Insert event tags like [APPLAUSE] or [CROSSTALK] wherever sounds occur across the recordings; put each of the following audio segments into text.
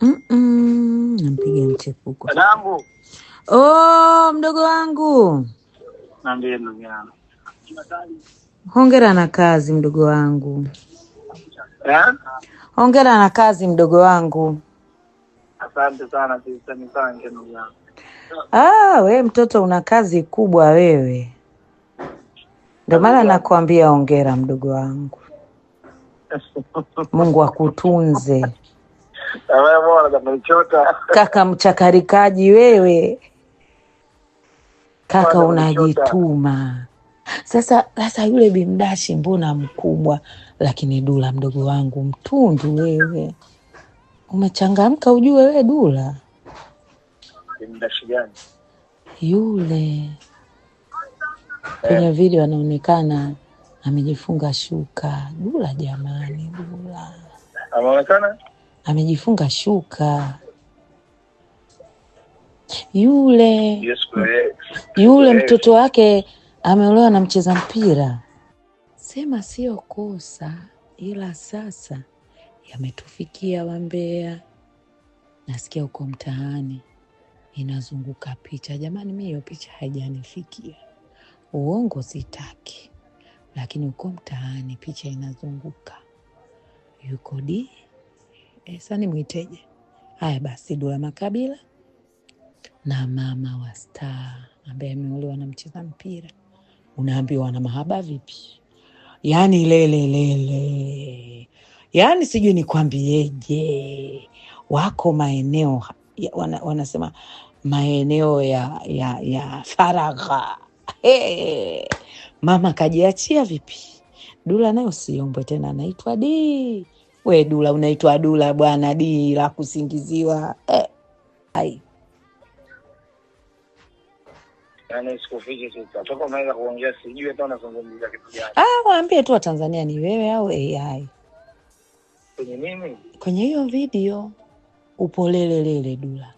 nampiga mchepuko. Dadangu. Oh, mdogo wangu. Hongera na kazi mdogo wangu. Eh? Hongera na kazi mdogo wangu. Asante sana ndugu Ah, we mtoto una kazi kubwa wewe. Ndio maana nakuambia ongera mdogo wangu. [LAUGHS] Mungu akutunze. Kaka mchakarikaji wewe, kaka unajituma. Sasa sasa, yule bimdashi mbona mkubwa, lakini Dula mdogo wangu mtundu wewe, umechangamka ujue wee Dula yule kwenye eh. video anaonekana amejifunga shuka. Dula jamani, Dula ameonekana amejifunga shuka yule. yule mtoto wake ameolewa na mcheza mpira. Sema sio kosa, ila sasa yametufikia wambea. Nasikia huko mtaani inazunguka picha. Jamani, mimi hiyo picha haijanifikia, uongo sitaki, lakini huko mtaani picha inazunguka yuko di Esani mwiteje? Haya basi, Dula Makabila na mama wa star ambaye ameolewa na mcheza mpira, unaambiwa na mahaba vipi? Yaani lelelele, yaani sijui nikwambieje. Wako maeneo wana, wanasema maeneo ya ya, ya faragha. Hey, mama kajiachia vipi? Dula nayo siyombwe tena, anaitwa di we dula unaitwa dula bwana, di la kusingiziwa eh. Ai, yaani Ah, waambie tu Watanzania ni wewe au AI kwenye nini, kwenye hiyo video upolelelele. Dula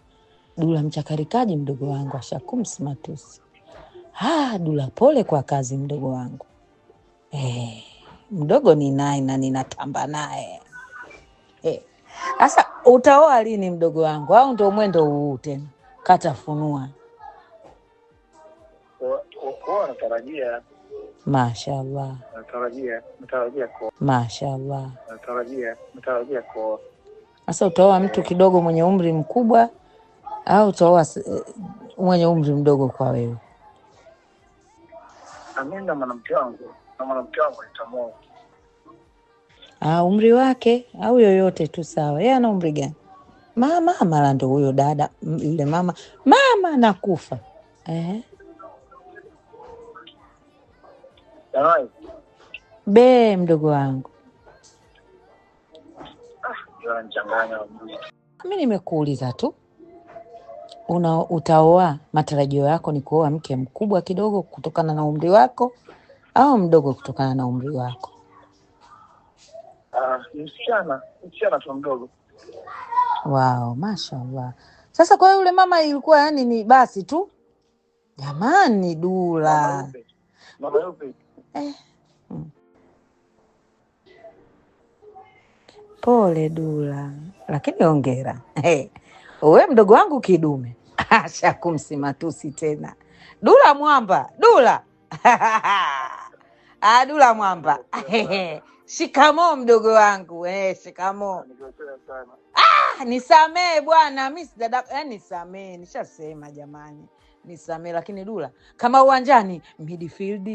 dula mchakarikaji, mdogo wangu ashakumsimatusi. Ah, dula pole kwa kazi, mdogo wangu eh, mdogo ni naye na ninatamba naye sasa utaoa lini mdogo wangu? Au ndo mwendo huu tena katafunua? Natarajia. Mashaallah. Natarajia, natarajia kwa. Natarajia, natarajia kwa. Sasa utaoa mtu kidogo mwenye umri mkubwa au utaoa eh, mwenye umri mdogo kwa wewe? Mimi mwanamke wangu na mwanamke wangu nitamoa uh, umri wake au yoyote tu sawa, yeye ana umri gani? Mama mara ndo huyo dada yule mama mama nakufa eh? Be mdogo wangu ah, mi nimekuuliza tu una utaoa, matarajio yako ni kuoa mke mkubwa kidogo kutokana na umri wako au mdogo kutokana na umri wako? Uh, msichana, msichana tu mdogo. wao mashallah. Sasa kwa hiyo yule mama ilikuwa yani ni basi tu, jamani, Dula mama yupi? Eh. Hmm. Pole Dula, lakini ongera hey. Eh. mdogo wangu kidume [LAUGHS] ashakumsimatusi tena Dula mwamba Dula [LAUGHS] Adula Mwamba, [LAUGHS] shikamo mdogo wangu eh, shikamo. Ah, ah, nisamee bwana, mi dada, eh, nisamee, nishasema jamani, nisamee. Lakini Dula kama uwanjani midfield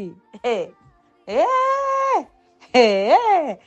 eh. Eh. eh. eh.